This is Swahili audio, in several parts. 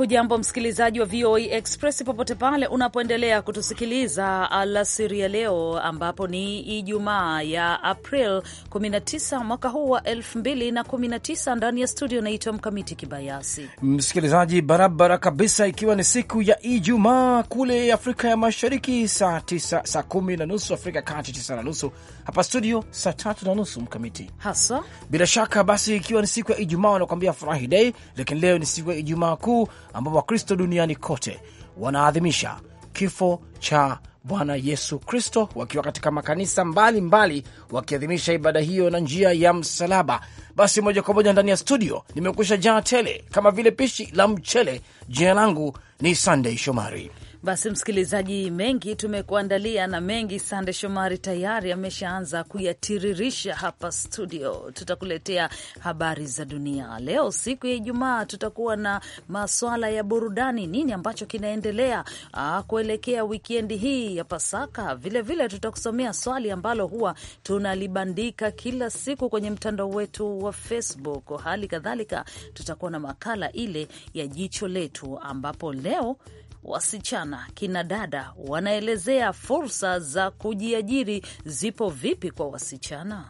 Hujambo msikilizaji wa VOA e Express popote pale unapoendelea kutusikiliza alasiri ya leo, ambapo ni Ijumaa ya April 19 mwaka huu wa 2019. Ndani ya studio naitwa Mkamiti Kibayasi. Msikilizaji barabara kabisa, ikiwa ni siku ya Ijumaa kule Afrika ya Mashariki, saa tisa, saa kumi na nusu Afrika ya Kati, tisa na nusu hapa studio, saa tatu na nusu Mkamiti haswa. Bila shaka basi, ikiwa ni siku ya Ijumaa wanakuambia furahi dei, lakini leo ni siku ya Ijumaa kuu ambapo Wakristo duniani kote wanaadhimisha kifo cha Bwana Yesu Kristo wakiwa katika makanisa mbalimbali wakiadhimisha ibada hiyo na njia ya msalaba. Basi moja kwa moja ndani ya studio nimekusha jaa tele kama vile pishi la mchele. Jina langu ni sandey Shomari. Basi msikilizaji, mengi tumekuandalia na mengi Sande Shomari tayari ameshaanza kuyatiririsha hapa studio. Tutakuletea habari za dunia leo, siku ya Ijumaa. Tutakuwa na maswala ya burudani, nini ambacho kinaendelea ah, kuelekea wikendi hii ya Pasaka. Vilevile tutakusomea swali ambalo huwa tunalibandika kila siku kwenye mtandao wetu wa Facebook. Hali kadhalika tutakuwa na makala ile ya jicho letu, ambapo leo wasichana, kina dada wanaelezea fursa za kujiajiri zipo vipi kwa wasichana.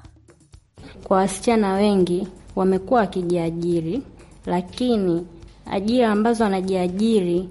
Kwa wasichana wengi wamekuwa wakijiajiri, lakini ajira ambazo wanajiajiri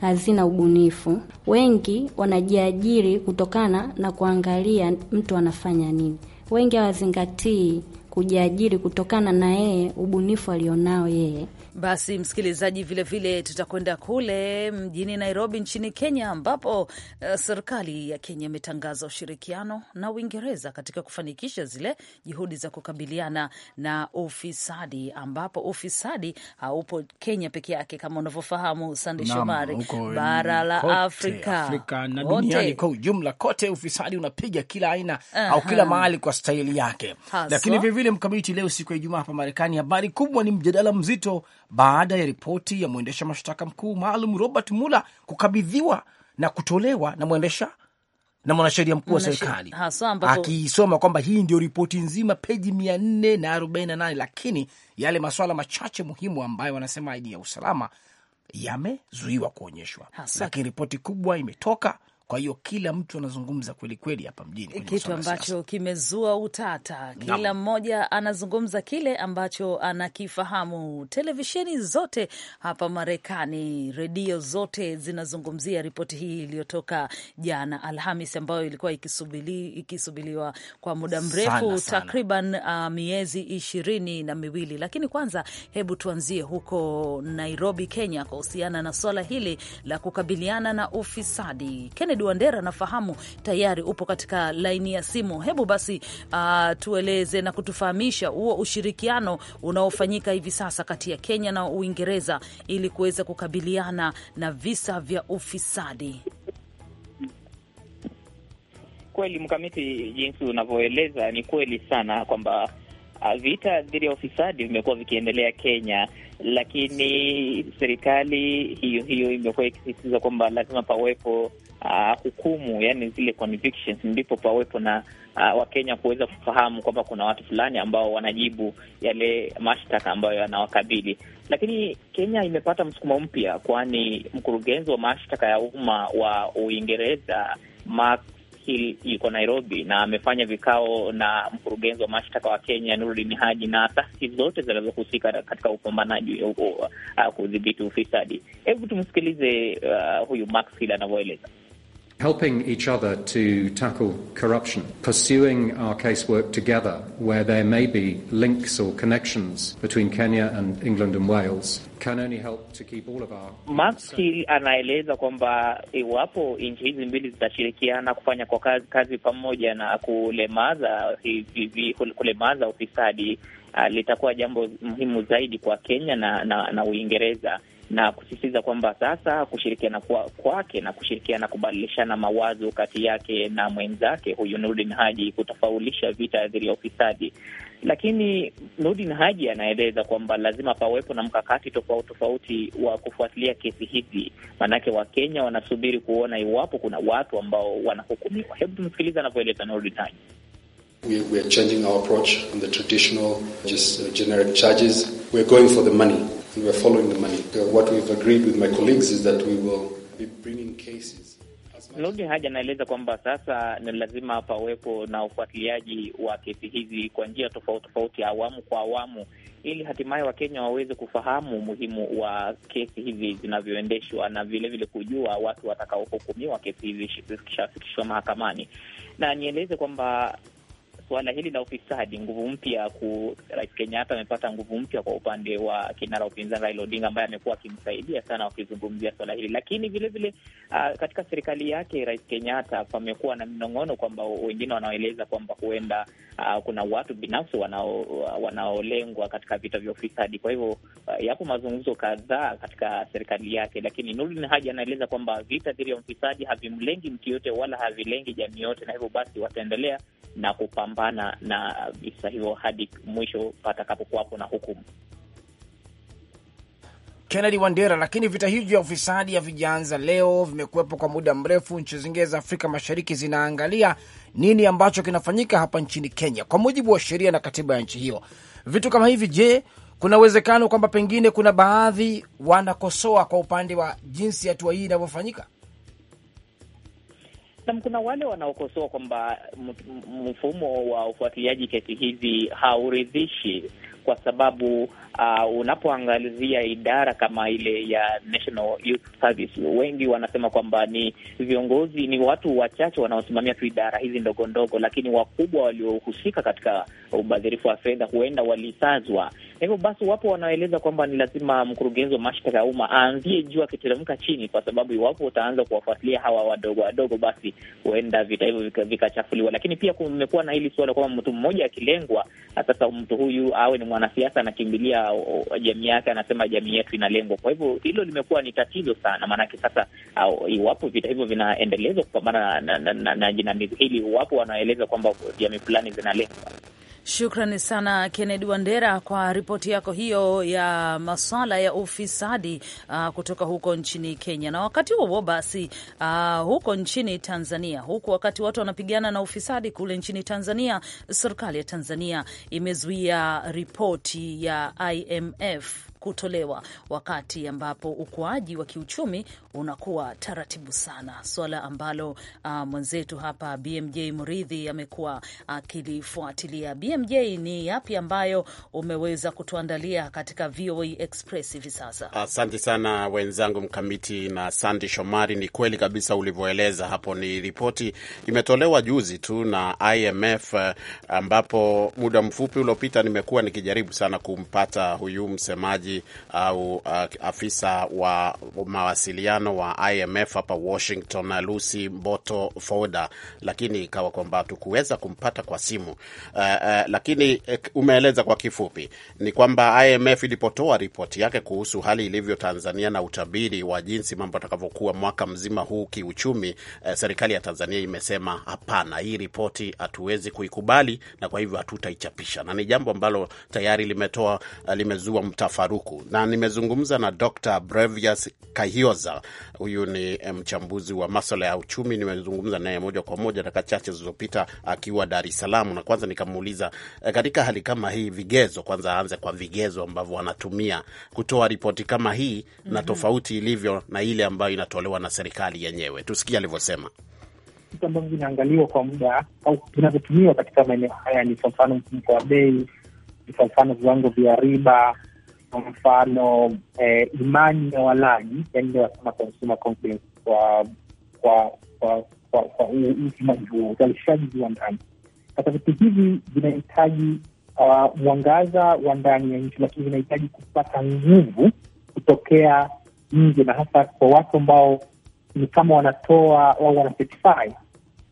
hazina ubunifu. Wengi wanajiajiri kutokana na kuangalia mtu anafanya nini. Wengi hawazingatii kujiajiri kutokana na yeye ubunifu alionao yeye basi msikilizaji, vilevile tutakwenda kule mjini Nairobi nchini Kenya, ambapo uh, serikali ya Kenya imetangaza ushirikiano na Uingereza katika kufanikisha zile juhudi za kukabiliana na ufisadi, ambapo ufisadi haupo Kenya peke yake kama unavyofahamu Sande Shomari, bara la Afrika, Afrika na duniani kwa ujumla kote, ufisadi unapiga kila aina uh -huh. au kila mahali kwa stahili yake Haso. Lakini vilevile mkamiti, leo siku ya Ijumaa hapa Marekani, habari kubwa ni mjadala mzito baada ya ripoti ya mwendesha mashtaka mkuu maalum Robert Mueller kukabidhiwa na kutolewa na mwendesha na mwanasheria mkuu wa serikali akiisoma kwamba hii ndio ripoti nzima, peji mia nne na arobaini na nane, lakini yale maswala machache muhimu ambayo wanasema aidi ya usalama yamezuiwa kuonyeshwa, lakini ripoti kubwa imetoka kwa hiyo kila mtu anazungumza kweli kweli hapa mjini, kitu ambacho kimezua utata. Kila mmoja anazungumza kile ambacho anakifahamu. Televisheni zote hapa Marekani, redio zote zinazungumzia ripoti hii iliyotoka jana Alhamis, ambayo ilikuwa ikisubili, ikisubiliwa kwa muda mrefu takriban uh, miezi ishirini na miwili. Lakini kwanza, hebu tuanzie huko Nairobi, Kenya, kuhusiana na swala hili la kukabiliana na ufisadi Kennedy Kennedy Wandera nafahamu tayari upo katika laini ya simu. Hebu basi uh, tueleze na kutufahamisha huo ushirikiano unaofanyika hivi sasa kati ya Kenya na Uingereza ili kuweza kukabiliana na visa vya ufisadi. Kweli Mkamiti, jinsi unavyoeleza ni kweli sana kwamba uh, vita dhidi ya ufisadi vimekuwa vikiendelea Kenya lakini serikali hiyo hiyo imekuwa ikisisitiza kwamba lazima pawepo Uh, hukumu yani zile convictions, ndipo pawepo na uh, Wakenya kuweza kufahamu kwamba kuna watu fulani ambao wanajibu yale mashtaka ambayo yanawakabili. Lakini Kenya imepata msukumo mpya, kwani mkurugenzi wa mashtaka ya umma wa Uingereza Mark Hill yuko Nairobi na amefanya vikao na mkurugenzi wa mashtaka wa Kenya Nurdin Haji na taasisi zote zinazohusika katika upambanaji uh, kudhibiti ufisadi. Hebu tumsikilize uh, huyu Max Hill anavyoeleza. helping each other to tackle corruption, pursuing our casework together where there may be links or connections between Kenya and England and Wales. Can only help to keep all of our... Max anaeleza kwamba iwapo nchi hizi mbili zitashirikiana kufanya kwa kazi, kazi pamoja na kulemaza hivi, kulemaza ufisadi uh, litakuwa jambo muhimu zaidi kwa Kenya na, na, na Uingereza. na kusisitiza kwamba sasa kushirikiana kwake na kushirikiana kubadilishana mawazo kati yake na mwenzake huyu Nurdin Haji kutofaulisha vita dhidi ya ufisadi. Lakini Nurdin Haji anaeleza kwamba lazima pawepo na mkakati tofauti tofauti wa kufuatilia kesi hizi, maanake Wakenya wanasubiri kuona iwapo kuna watu ambao wanahukumiwa. Hebu tumsikiliza anavyoeleza Nurdin Haji. We, we are changing our approach the traditional just uh, generic charges. We are going for the money we are uh, Haji anaeleza kwamba sasa ni lazima pawepo na ufuatiliaji wa kesi hizi kwa njia tofauti tofauti, awamu kwa awamu, ili hatimaye Wakenya waweze kufahamu umuhimu wa kesi hizi zinavyoendeshwa na vilevile kujua watu watakaohukumiwa kesi hizi zikishafikishwa mahakamani. Na nieleze kwamba suala hili la ufisadi, nguvu mpya ku Rais Kenyatta amepata nguvu mpya kwa upande wa kinara upinzani Raila Odinga ambaye amekuwa akimsaidia sana wakizungumzia suala hili, lakini vilevile uh, ah, katika serikali yake Rais Kenyatta pamekuwa na minong'ono kwamba wengine wanaoeleza kwamba huenda uh, kuna watu binafsi wanaolengwa katika vita vya ufisadi. Kwa hivyo uh, yapo mazungumzo kadhaa katika serikali yake, lakini Nurdin Haji anaeleza kwamba vita dhidi ya ufisadi havimlengi mtu yote wala havilengi jamii yote, na hivyo basi wataendelea na kupambana kupambana na visa hivyo hadi mwisho patakapokuwapo na hukumu. Kennedy Wandera, lakini vita hivi vya ufisadi havijaanza leo, vimekuwepo kwa muda mrefu. Nchi zingine za Afrika Mashariki zinaangalia nini ambacho kinafanyika hapa nchini Kenya kwa mujibu wa sheria na katiba ya nchi hiyo. Vitu kama hivi, je, kuna uwezekano kwamba pengine kuna baadhi wanakosoa kwa upande wa jinsi hatua hii inavyofanyika? Nam, kuna wale wanaokosoa kwamba mfumo wa ufuatiliaji kesi hizi hauridhishi kwa sababu uh, unapoangalizia idara kama ile ya National Youth Service, wengi wanasema kwamba ni viongozi, ni watu wachache wanaosimamia tu idara hizi ndogo ndogo, lakini wakubwa waliohusika katika ubadhirifu wa fedha huenda walisazwa hivyo basi, wapo wanaeleza kwamba ni lazima mkurugenzi wa mashtaka ya umma aanzie juu akiteremka chini, kwa sababu iwapo utaanza kuwafuatilia hawa wadogo wadogo, basi huenda vita hivyo vikachafuliwa vika. Lakini pia kumekuwa na hili suala kwamba mtu mmoja akilengwa, sasa mtu huyu awe ni mwanasiasa, anakimbilia jamii yake, anasema jamii yetu inalengwa. Kwa hivyo hilo limekuwa ni tatizo sana, maanake sasa au, iwapo vita hivyo vinaendelezwa kupambana na, na, na, na jinamizi hili, iwapo wanaeleza kwamba jamii fulani zinalengwa Shukrani sana Kennedy Wandera kwa ripoti yako hiyo ya maswala ya ufisadi uh, kutoka huko nchini Kenya. Na wakati huo basi, uh, huko nchini Tanzania, huku wakati watu wanapigana na ufisadi kule nchini Tanzania, serikali ya Tanzania imezuia ripoti ya IMF kutolewa wakati ambapo ukuaji wa kiuchumi unakuwa taratibu sana, swala ambalo uh, mwenzetu hapa BMJ Mridhi amekuwa akilifuatilia. Uh, BMJ, ni yapi ambayo umeweza kutuandalia katika VOA Express hivi sasa? Asante sana wenzangu Mkamiti na Sandi Shomari. Ni kweli kabisa ulivyoeleza hapo, ni ripoti imetolewa juzi tu na IMF uh, ambapo muda mfupi uliopita nimekuwa nikijaribu sana kumpata huyu msemaji mwenyeji au uh, afisa wa mawasiliano wa IMF hapa Washington, Lucy Mboto Foda, lakini ikawa kwamba tukuweza kumpata kwa simu uh, uh, lakini eh, umeeleza kwa kifupi ni kwamba IMF ilipotoa ripoti yake kuhusu hali ilivyo Tanzania na utabiri wa jinsi mambo atakavyokuwa mwaka mzima huu kiuchumi, uh, serikali ya Tanzania imesema hapana, hii ripoti hatuwezi kuikubali na kwa hivyo hatutaichapisha, na ni jambo ambalo tayari limetoa limezua mtafaruku rukuruku, na nimezungumza na Dr. Brevius Kahioza, huyu ni eh, mchambuzi wa maswala ya uchumi. Nimezungumza naye moja kwa moja dakika chache zilizopita akiwa Dar es Salaam, na kwanza nikamuuliza eh, katika hali kama hii vigezo, kwanza aanze kwa vigezo ambavyo wanatumia kutoa ripoti kama hii mm -hmm. na mhm. tofauti ilivyo na ile ambayo inatolewa na serikali yenyewe. Tusikie alivyosema vitu ambavyo vinaangaliwa kwa muda au vinavyotumiwa katika maeneo haya ni kwa mfano mfumuko wa bei, ni kwa mfano viwango vya riba, kwa mfano eh, imani ya walaji, yani wasema consumer confidence, kwa kwa kwa kwa upimaji huo, uzalishaji wa ndani. Sasa vitu hivi vinahitaji uh, mwangaza wa ndani ya nchi, lakini vinahitaji kupata nguvu kutokea nje, na hasa kwa watu ambao ni kama wanatoa au wanacertify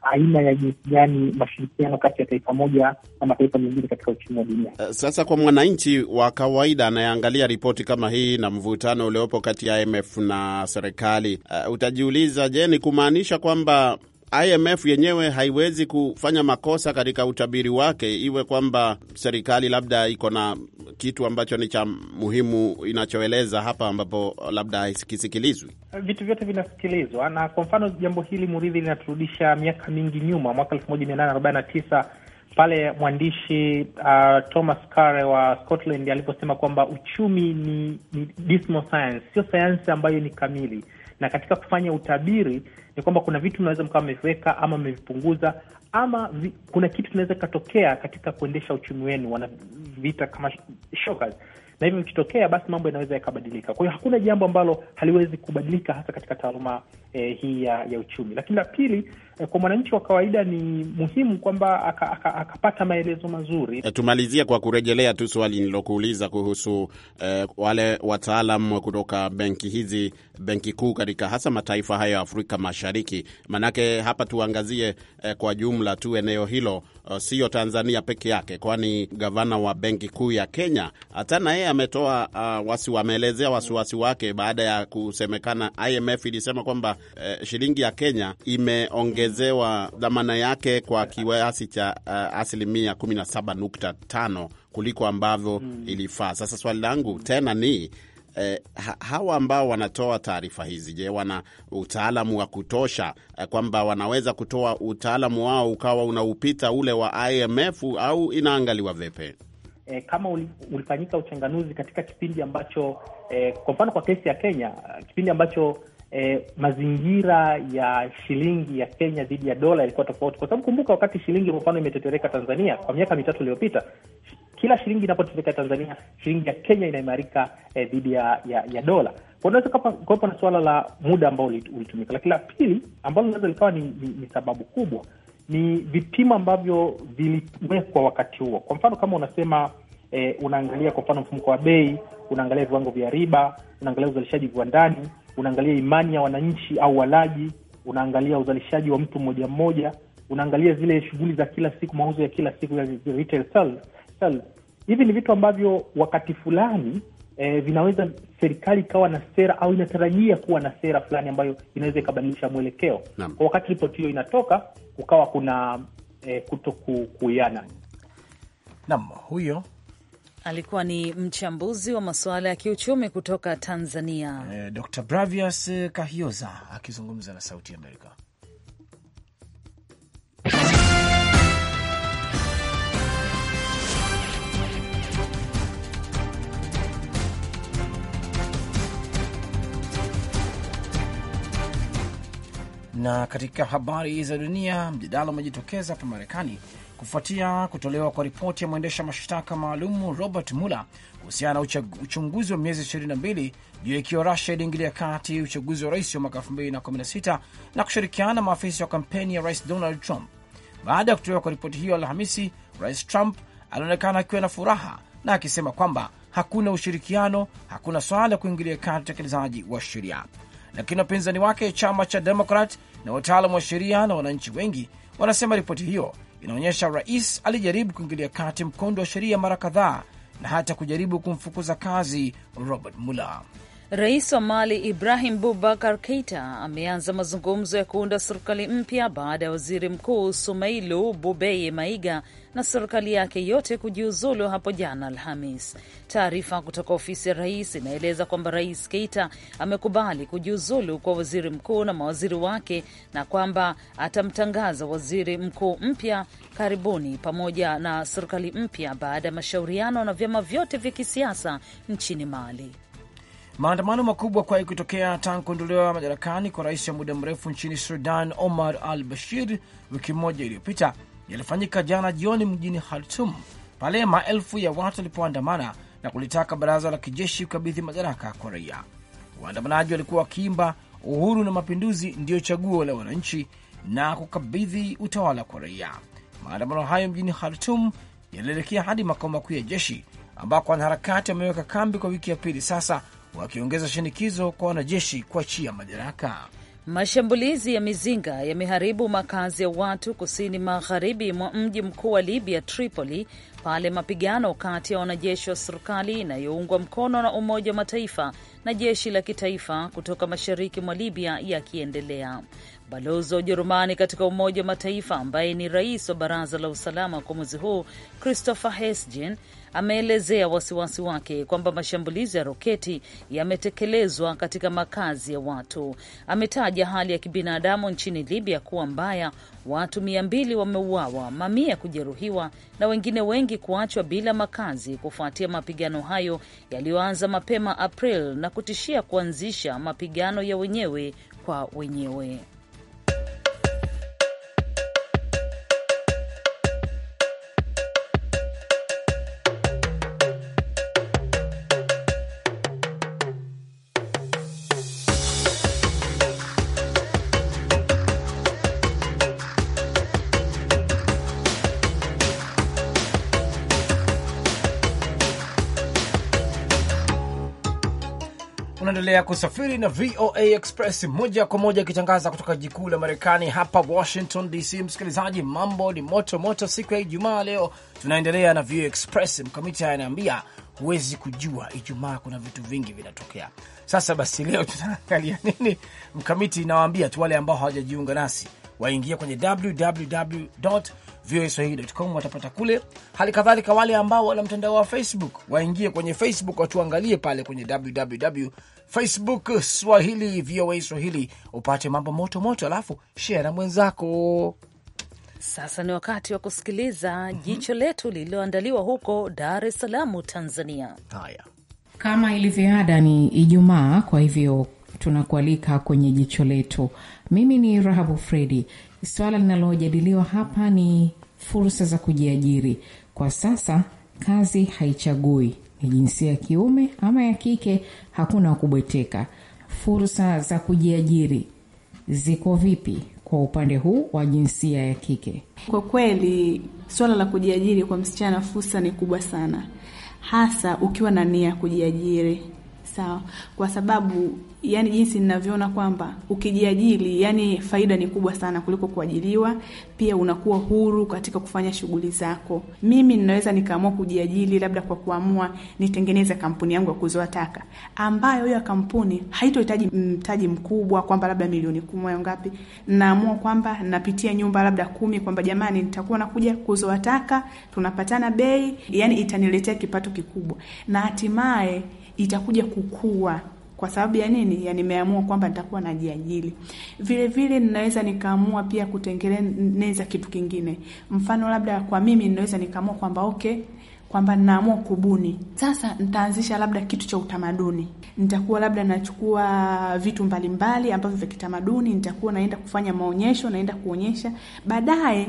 aina ya jinsi gani mashirikiano kati ya taifa moja na mataifa mengine katika uchumi wa dunia. Eh, sasa kwa mwananchi wa kawaida anayeangalia ripoti kama hii na mvutano uliopo kati ya IMF na serikali, uh, utajiuliza, je, ni kumaanisha kwamba IMF yenyewe haiwezi kufanya makosa katika utabiri wake, iwe kwamba serikali labda iko na kitu ambacho ni cha muhimu inachoeleza hapa, ambapo labda haikisikilizwi. Vitu vyote vinasikilizwa, na kwa mfano jambo hili muridhi linaturudisha miaka mingi nyuma, mwaka elfu moja mia nane arobaini na tisa pale mwandishi uh, Thomas Care wa Scotland aliposema kwamba uchumi ni, ni dismal science, sio sayansi ambayo ni kamili na katika kufanya utabiri ni kwamba kuna vitu mnaweza mkawa mmeviweka ama mmevipunguza ama vi, kuna kitu kinaweza kikatokea katika kuendesha uchumi wenu, wanaviita kama shockers na hivyo vikitokea, basi mambo yanaweza yakabadilika. Kwa hiyo hakuna jambo ambalo haliwezi kubadilika, hasa katika taaluma eh, hii ya, ya uchumi. Lakini la pili eh, kwa mwananchi wa kawaida ni muhimu kwamba akapata aka, aka maelezo mazuri. Eh, Tumalizia kwa kurejelea tu swali nilokuuliza kuhusu eh, wale wataalam kutoka benki hizi, benki kuu katika hasa mataifa hayo ya Afrika Mashariki, manake hapa tuangazie eh, kwa jumla tu eneo hilo, eh, siyo Tanzania peke yake, kwani gavana wa benki kuu ya Kenya hata naye ametoa uh, wasi wameelezea wasiwasi wake baada ya kusemekana IMF ilisema kwamba uh, shilingi ya Kenya imeongezewa dhamana yake kwa kiasi cha uh, asilimia 17.5 kuliko ambavyo hmm. ilifaa. Sasa swali langu tena ni E, hawa ambao wanatoa taarifa hizi, je, wana utaalamu wa kutosha e, kwamba wanaweza kutoa utaalamu wao ukawa unaupita ule wa IMF au inaangaliwa vipi? eh, kama ulifanyika uchanganuzi katika kipindi ambacho eh, kwa mfano kwa kesi ya Kenya, kipindi ambacho eh, mazingira ya shilingi ya Kenya dhidi ya dola ilikuwa tofauti, kwa sababu kumbuka, wakati shilingi kwa mfano imetetereka Tanzania kwa miaka mitatu iliyopita, kila shilingi inapotetereka Tanzania, shilingi ya Kenya inaimarika eh, dhidi ya, ya, ya dola unaweza kuwepo na suala la muda ambao ulitumika, lakini la pili ambalo linaweza likawa ni, ni, ni sababu kubwa ni vipimo ambavyo viliwekwa wakati huo. Kwa mfano kama unasema e, unaangalia kwa mfano mfumuko wa bei, unaangalia viwango vya riba, unaangalia uzalishaji viwandani, unaangalia imani ya wananchi au walaji, unaangalia uzalishaji wa mtu mmoja mmoja, unaangalia zile shughuli za kila siku, mauzo ya kila siku ya retail sales. Hivi ni vitu ambavyo wakati fulani e, vinaweza serikali ikawa na sera au inatarajia kuwa na sera fulani ambayo inaweza ikabadilisha mwelekeo Naam. Kwa wakati ripoti hiyo inatoka kukawa kuna e, kuto kuiana. nam huyo alikuwa ni mchambuzi wa masuala ya kiuchumi kutoka Tanzania eh, Dr. Bravius Kahioza akizungumza na Sauti Amerika. Na katika habari za dunia, mjadala umejitokeza hapa Marekani kufuatia kutolewa kwa ripoti ya mwendesha mashtaka maalum Robert Mueller kuhusiana na uchunguzi wa miezi 22 juu ya ikiwa Rusia iliingilia kati uchaguzi wa rais wa mwaka 2016 na kushirikiana na maafisa wa kampeni ya rais Donald Trump. Baada ya kutolewa kwa ripoti hiyo Alhamisi, rais Trump alionekana akiwa na furaha na akisema kwamba hakuna ushirikiano, hakuna swala la kuingilia kati utekelezaji wa sheria. Lakini wapinzani wake chama cha Demokrat na wataalamu wa sheria na wananchi wengi wanasema ripoti hiyo inaonyesha rais alijaribu kuingilia kati mkondo wa sheria mara kadhaa na hata kujaribu kumfukuza kazi Robert Mueller. Rais wa Mali Ibrahim bubakar Keita ameanza mazungumzo ya kuunda serikali mpya baada ya waziri mkuu Sumailu Bubeye Maiga na serikali yake yote kujiuzulu hapo jana Alhamis. Taarifa kutoka ofisi ya rais inaeleza kwamba Rais Keita amekubali kujiuzulu kwa waziri mkuu na mawaziri wake na kwamba atamtangaza waziri mkuu mpya karibuni, pamoja na serikali mpya baada ya mashauriano na vyama vyote vya kisiasa nchini Mali. Maandamano makubwa kwa ikitokea tangu kuondolewa madarakani kwa rais wa muda mrefu nchini Sudan Omar al Bashir wiki moja iliyopita yalifanyika jana jioni mjini Khartum pale maelfu ya watu walipoandamana na kulitaka baraza la kijeshi kukabidhi madaraka kwa raia. Waandamanaji walikuwa wakiimba uhuru na mapinduzi ndiyo chaguo la wananchi na kukabidhi utawala kwa raia. Maandamano hayo mjini Khartum yalielekea hadi makao makuu ya jeshi ambako wanaharakati wameweka kambi kwa wiki ya pili sasa wakiongeza shinikizo kwa wanajeshi kuachia madaraka. Mashambulizi ya mizinga yameharibu makazi ya watu kusini magharibi mwa mji mkuu wa Libya, Tripoli, pale mapigano kati ya wanajeshi wa serikali inayoungwa mkono na Umoja wa Mataifa na jeshi la kitaifa kutoka mashariki mwa Libya yakiendelea. Balozi wa Ujerumani katika Umoja wa Mataifa ambaye ni rais wa Baraza la Usalama kwa mwezi huu Christopher Hesjen ameelezea wasiwasi wake kwamba mashambulizi ya roketi yametekelezwa katika makazi ya watu. Ametaja hali ya kibinadamu nchini Libya kuwa mbaya, watu mia mbili wameuawa, mamia kujeruhiwa na wengine wengi kuachwa bila makazi kufuatia mapigano hayo yaliyoanza mapema April na kutishia kuanzisha mapigano ya wenyewe kwa wenyewe. Unaendelea kusafiri na VOA Express moja kwa moja ikitangaza kutoka jikuu la Marekani hapa Washington DC. Msikilizaji, mambo ni moto moto siku ya Ijumaa. Leo tunaendelea na VOA Express. Mkamiti anaambia huwezi kujua, Ijumaa kuna vitu vingi vinatokea. Sasa basi, leo tutaangalia nini? Mkamiti, nawaambia tu wale ambao hawajajiunga nasi waingia kwenye www voaswahili.com, watapata kule. Hali kadhalika wale ambao wana mtandao wa Facebook waingie kwenye Facebook, watuangalie pale kwenye www facebook swahili voa swahili, upate mambo moto moto, alafu share na mwenzako. Sasa ni wakati wa kusikiliza jicho letu lililoandaliwa huko Dar es Salaam, Tanzania. Haya, kama ilivyoada ni Ijumaa, kwa hivyo tunakualika kwenye jicho letu. Mimi ni Rahabu Fredi. Suala linalojadiliwa hapa ni fursa za kujiajiri. Kwa sasa kazi haichagui ni jinsia ya kiume ama ya kike, hakuna kubweteka. Fursa za kujiajiri ziko vipi kwa upande huu wa jinsia ya kike? Kwa kweli swala la kujiajiri kwa msichana, fursa ni kubwa sana, hasa ukiwa na nia ya kujiajiri Sawa, kwa sababu yani, jinsi ninavyoona kwamba ukijiajiri, yani faida ni kubwa sana kuliko kuajiliwa. Pia unakuwa huru katika kufanya shughuli zako. Mimi ninaweza nikaamua kujiajiri, labda kwa kuamua nitengeneze kampuni yangu ya kuzoa taka, ambayo hiyo kampuni haitohitaji mtaji mkubwa, kwamba labda milioni kumi au ngapi. Naamua kwamba napitia nyumba labda kumi, kwamba jamani, nitakuwa nakuja kuzoa taka, tunapatana bei, yani itaniletea kipato kikubwa na hatimaye itakuja kukua kwa sababu ya nini? Ya nimeamua kwamba nitakuwa najiajili Vile vile ninaweza nikaamua pia kutengeneza kitu kingine, mfano labda kwa mimi ninaweza nikaamua kwamba okay kwamba naamua kubuni sasa, ntaanzisha labda kitu cha utamaduni, Ntakuwa labda nachukua vitu mbalimbali ambavyo vya kitamaduni, ntakuwa naenda kufanya maonyesho, naenda kuonyesha baadaye,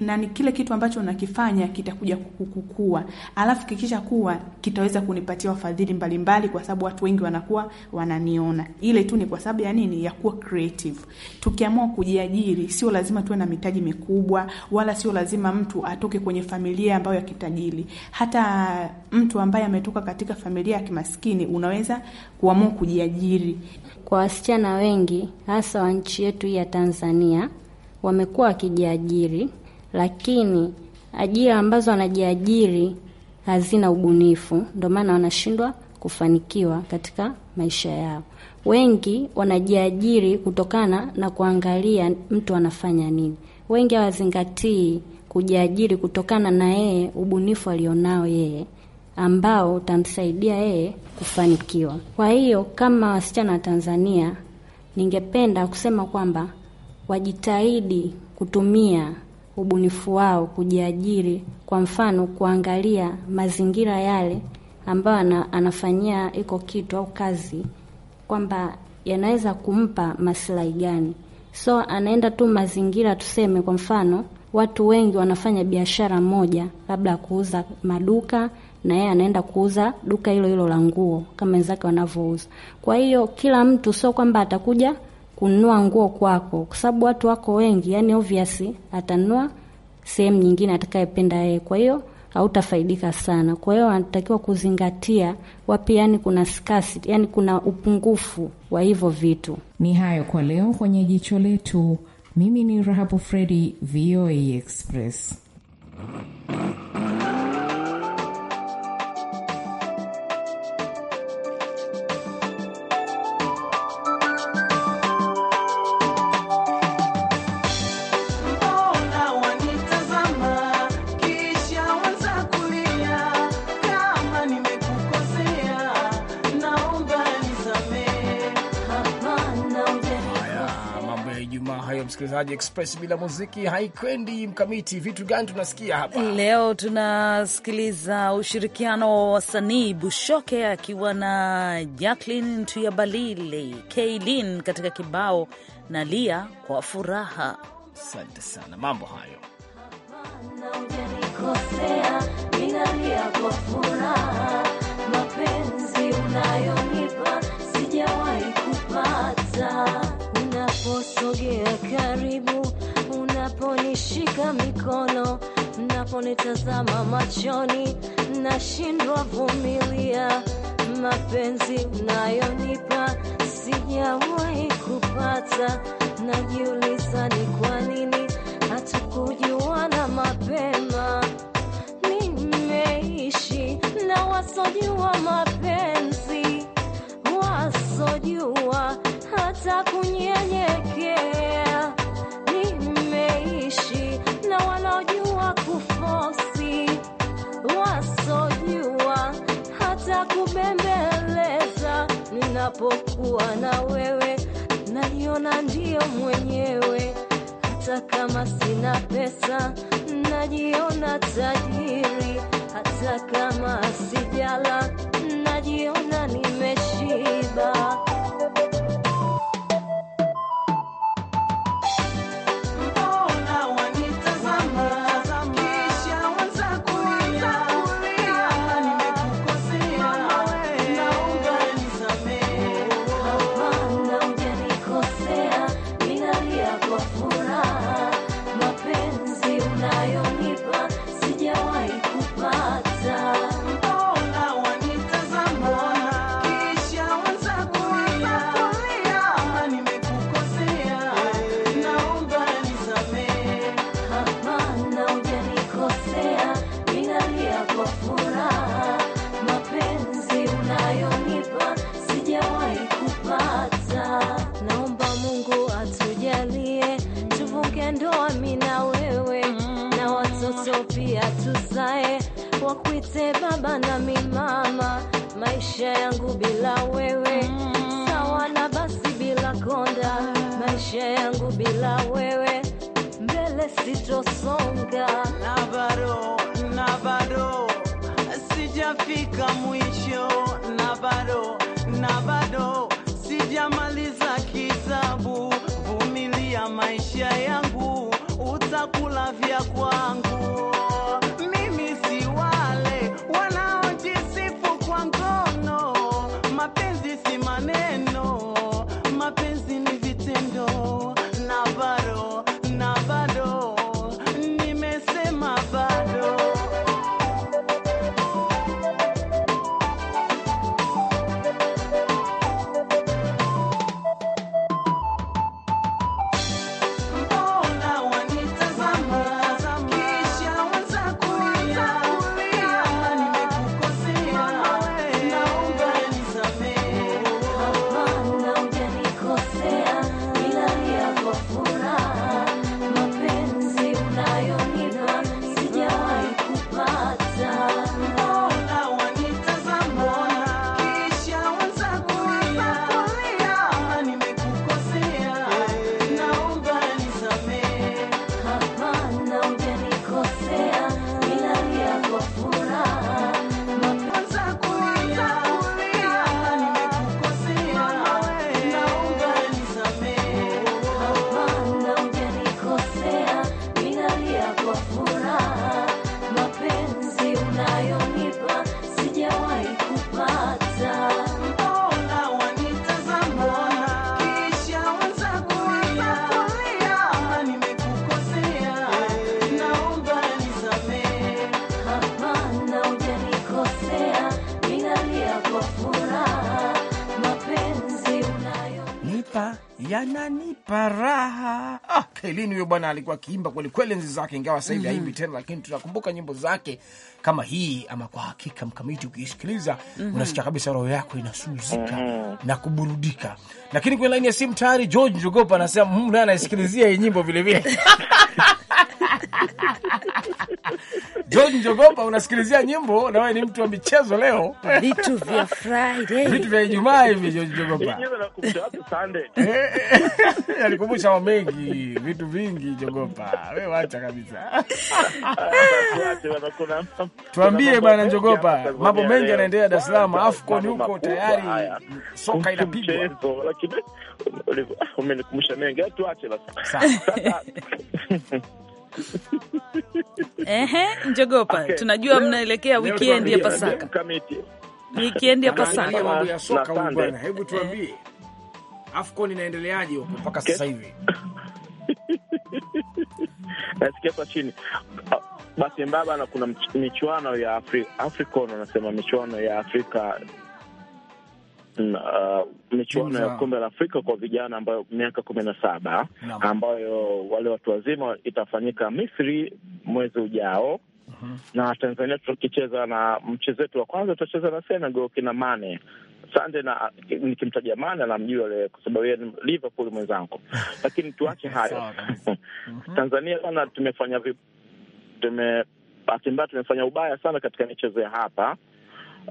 na ni kile kitu ambacho nakifanya kitakuja kukukua, alafu kikisha kuwa kitaweza kunipatia wafadhili mbalimbali, kwa sababu watu wengi wanakuwa wananiona. Ile tu ni kwa sababu ya nini? Ya kuwa creative. Tukiamua kujiajiri, sio lazima tuwe na mitaji mikubwa, wala sio lazima mtu atoke kwenye familia ambayo ya kitajiri hata mtu ambaye ametoka katika familia ya kimaskini unaweza kuamua kujiajiri. Kwa wasichana wengi, hasa wa nchi yetu hii ya Tanzania, wamekuwa wakijiajiri, lakini ajira ambazo wanajiajiri hazina ubunifu, ndio maana wanashindwa kufanikiwa katika maisha yao. Wengi wanajiajiri kutokana na kuangalia mtu anafanya nini, wengi hawazingatii kujiajiri kutokana na yeye ubunifu alionao yeye ambao utamsaidia yeye kufanikiwa. Kwa hiyo kama wasichana wa Tanzania, ningependa kusema kwamba wajitahidi kutumia ubunifu wao kujiajiri. Kwa mfano, kuangalia mazingira yale ambayo anafanyia iko kitu au kazi, kwamba yanaweza kumpa maslahi gani. So anaenda tu mazingira, tuseme kwa mfano watu wengi wanafanya biashara moja, labda kuuza maduka na yeye anaenda kuuza duka hilo hilo la nguo kama wenzake wanavyouza. Kwa hiyo kila mtu sio kwamba atakuja kununua nguo kwako, kwa sababu watu wako wengi, yani obviously atanunua sehemu nyingine atakayependa yeye. Kwa hiyo hautafaidika sana. Kwa hiyo anatakiwa kuzingatia wapi, yani kuna scarcity, yani kuna upungufu wa hivyo vitu. Ni hayo kwa leo kwenye jicho letu. Mimi ni Rahabu Fredi, VOA Express. msikilizaji, Express bila muziki haikwendi. Mkamiti, vitu gani tunasikia hapa leo? Tunasikiliza ushirikiano wa wasanii Bushoke akiwa na Jacqueline Tuyabalile Kailin katika kibao na Lia kwa furaha. Asante sana, mambo hayo mapenzi unayonipa sijawahi kupata unaposogea karibu, unaponishika mikono, unaponitazama machoni, nashindwa vumilia. Mapenzi unayonipa sijawahi kupata, najiuliza ni kwa nini hatukujuana mapema. Nimeishi na wasojua mapenzi, wasojua hata kunyenyekea. Nimeishi na wanaojua kufosi, wasojua hata kubembeleza. Ninapokuwa na wewe najiona ndiyo mwenyewe, hata kama sina pesa najiona tajiri, hata kama sijala najiona nimeshiba. sitosonga na bado na bado sijafika mwisho na bado na bado sijamaliza kitabu. Vumilia maisha yangu, utakula vya kwangu yananipa raha. Ah, Kelini huyo bwana alikuwa akiimba kwelikweli enzi zake, ingawa sahivi mm -hmm. haimbi tena, lakini tunakumbuka nyimbo zake kama hii. Ama kwa hakika, Mkamiti, ukiisikiliza mm -hmm. unasikia kabisa roho yako inasuzika mm -hmm. na kuburudika. Lakini kwenye laini ya simu tayari George Njogopa anasema mna mm, anaisikilizia hii nyimbo vilevile John Njogopa, unasikilizia nyimbo na wewe ni mtu wa michezo leo. Vitu vya Friday. Vitu vya Ijumaa hivi John Njogopa. Eh, eh, alikumbusha mambo mengi, vitu vingi Njogopa. Wewe acha kabisa. Tuambie bwana Njogopa, mambo mengi yanaendelea Dar es Salaam, AFCON huko tayari soka inapigwa. Lakini um, umenikumbusha mengi. Tuache basi. Sasa. Ehe, njogopa okay. Tunajua mnaelekea weekend ya Pasaka, Weekend ya Pasaka, mambo ya soka huko bwana. Hebu eh. tuambie AFCON inaendeleaje huko mpaka sasa hivi? Nasikia eh, kwa chini ah, basi mbaba, na kuna michuano ya Afri, Afrika wanasema michuano ya Afrika michuano mm, uh, ya kombe la Afrika kwa vijana ambayo miaka kumi na saba ambayo wale watu wazima itafanyika Misri mwezi ujao. Uh-huh. Na Tanzania tukicheza na mchezo wetu wa kwanza tutacheza na Senegal kina Mane Sande na nikimtaja Mane anamjua le kwa sababu yeye ni Liverpool mwenzangu, lakini tuache hayo mhm. Tanzania bana, tumefanya vi... tume bahati mbaya tumefanya ubaya sana katika michezo ya hapa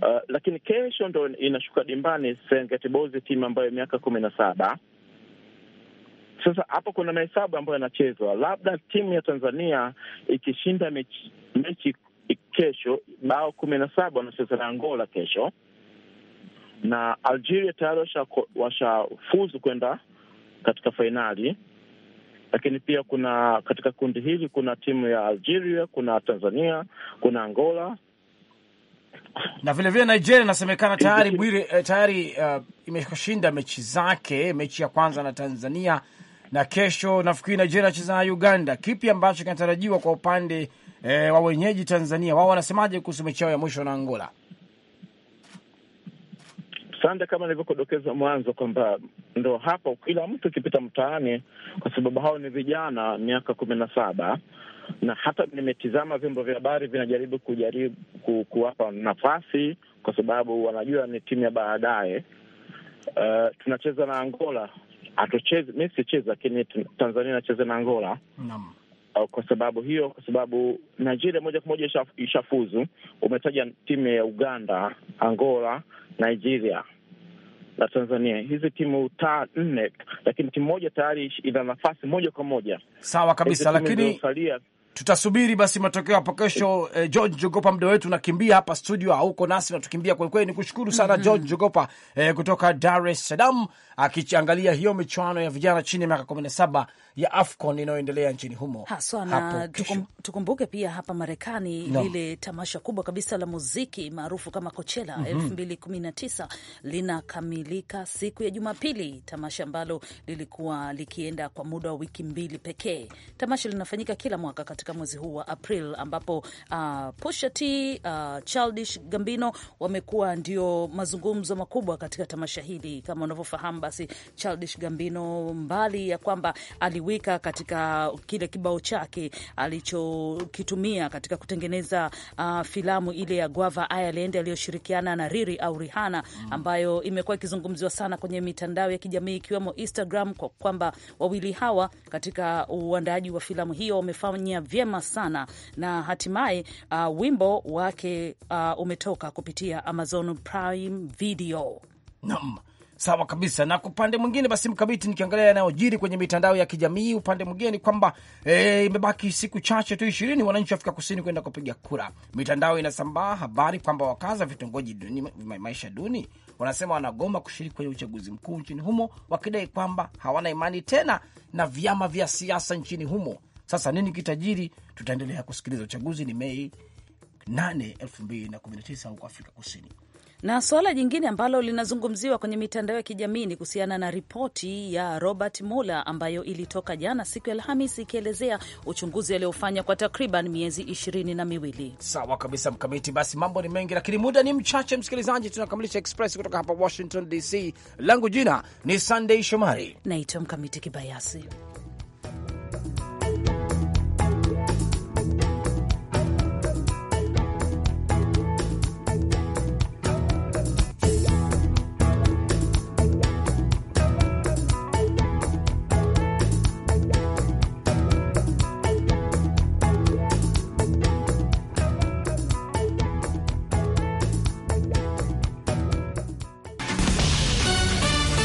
Uh, lakini kesho ndo inashuka dimbani Serengeti Boys, timu ambayo miaka kumi na saba sasa. Hapo kuna mahesabu ambayo yanachezwa, labda timu ya Tanzania ikishinda mechi, mechi kesho bao kumi na saba wanacheza na Angola kesho, na Algeria tayari washafuzu kwenda katika fainali lakini pia kuna katika kundi hili kuna timu ya Algeria, kuna Tanzania, kuna Angola na vile vile Nigeria inasemekana tayari Bwire eh, tayari uh, imeshinda mechi zake, mechi ya kwanza na Tanzania na kesho nafikiri Nigeria anacheza na Uganda. Kipi ambacho kinatarajiwa kwa upande eh, wa wenyeji Tanzania? Wao wanasemaje kuhusu mechi yao ya mwisho na Angola? Sande, kama nilivyokudokeza mwanzo kwamba ndo hapo kila mtu ukipita mtaani, kwa sababu hao ni vijana miaka kumi na saba na hata nimetizama vyombo vya habari vinajaribu kujaribu ku, kuwapa nafasi kwa sababu wanajua ni timu ya baadaye. Uh, tunacheza na Angola, hatuchezi, mi sichezi, lakini Tanzania inacheza na Angola Naam. Uh, kwa sababu hiyo, kwa sababu Nigeria moja kwa moja ishafuzu. Umetaja timu ya Uganda, Angola, Nigeria na Tanzania, hizi timu taa nne, lakini timu moja tayari ina nafasi moja kwa moja. Sawa kabisa, lakini tutasubiri basi matokeo hapo kesho. Eh, George Jogopa, muda wetu nakimbia hapa studio, hauko nasi na tukimbia kwelikweli. Ni kushukuru sana mm -hmm. George Jogopa eh, kutoka Dar es Salaam akiangalia hiyo michuano ya vijana chini ya miaka kumi na saba ya AFCON inayoendelea nchini humo haswa, na tukum, tukumbuke pia hapa Marekani no. lile tamasha kubwa kabisa la muziki maarufu kama Coachella mhm. elfu mbili kumi na tisa linakamilika siku ya Jumapili, tamasha ambalo lilikuwa likienda kwa muda wa wiki mbili pekee. Tamasha linafanyika kila mwaka katika mwezi huu wa April ambapo uh, Pusha T uh, Childish Gambino wamekuwa ndio mazungumzo makubwa katika tamasha hili. Kama unavyofahamu, basi Childish Gambino mbali ya kwamba ali wika katika kile kibao chake alichokitumia katika kutengeneza uh, filamu ile ya Guava Ireland aliyoshirikiana na Riri au Rihanna mm. ambayo imekuwa ikizungumziwa sana kwenye mitandao ya kijamii ikiwemo Instagram, kwa kwamba wawili hawa katika uandaaji wa filamu hiyo wamefanya vyema sana na hatimaye uh, wimbo wake uh, umetoka kupitia Amazon Prime Video. Naam. Sawa kabisa. Na kwa upande mwingine basi, Mkamiti, nikiangalia yanayojiri kwenye mitandao ya kijamii, upande mwingine ni kwamba eh, imebaki e, siku chache tu ishirini wananchi wa Afrika Kusini kwenda kupiga kura. Mitandao inasambaa habari kwamba wakazi wa vitongoji duni, maisha duni wanasema wanagoma kushiriki kwenye uchaguzi mkuu nchini humo, wakidai kwamba hawana imani tena na vyama vya siasa nchini humo. Sasa nini kitajiri? Tutaendelea kusikiliza. Uchaguzi ni Mei 8, 2019 huko Afrika Kusini. Na suala jingine ambalo linazungumziwa kwenye mitandao ya kijamii ni kuhusiana na ripoti ya Robert Mueller ambayo ilitoka jana siku ya Alhamisi ikielezea uchunguzi aliofanya kwa takriban miezi ishirini na miwili. Sawa kabisa Mkamiti, basi mambo ni mengi lakini muda ni mchache. Msikilizaji, tunakamilisha Express kutoka hapa Washington DC. Langu jina ni sandey Shomari, naitwa Mkamiti Kibayasi.